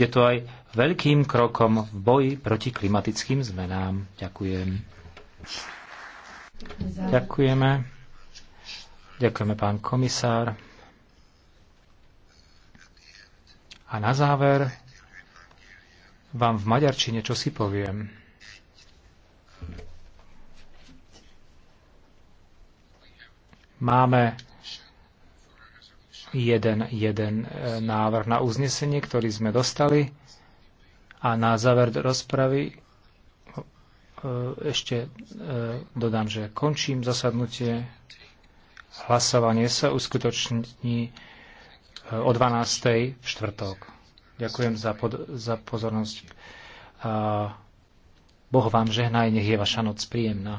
Bude to aj veľkým krokom v boji proti klimatickým zmenám. Ďakujem. Ďakujeme. Ďakujeme, pán komisár. A na záver vám v maďarčine čo si poviem. Máme jeden, jeden e, návrh na uznesenie, ktorý sme dostali. A na záver rozpravy e, ešte e, dodám, že končím zasadnutie. Hlasovanie sa uskutoční o 12. v štvrtok. Ďakujem za, pod, za pozornosť. A boh vám žehnaj, nech je vaša noc príjemná.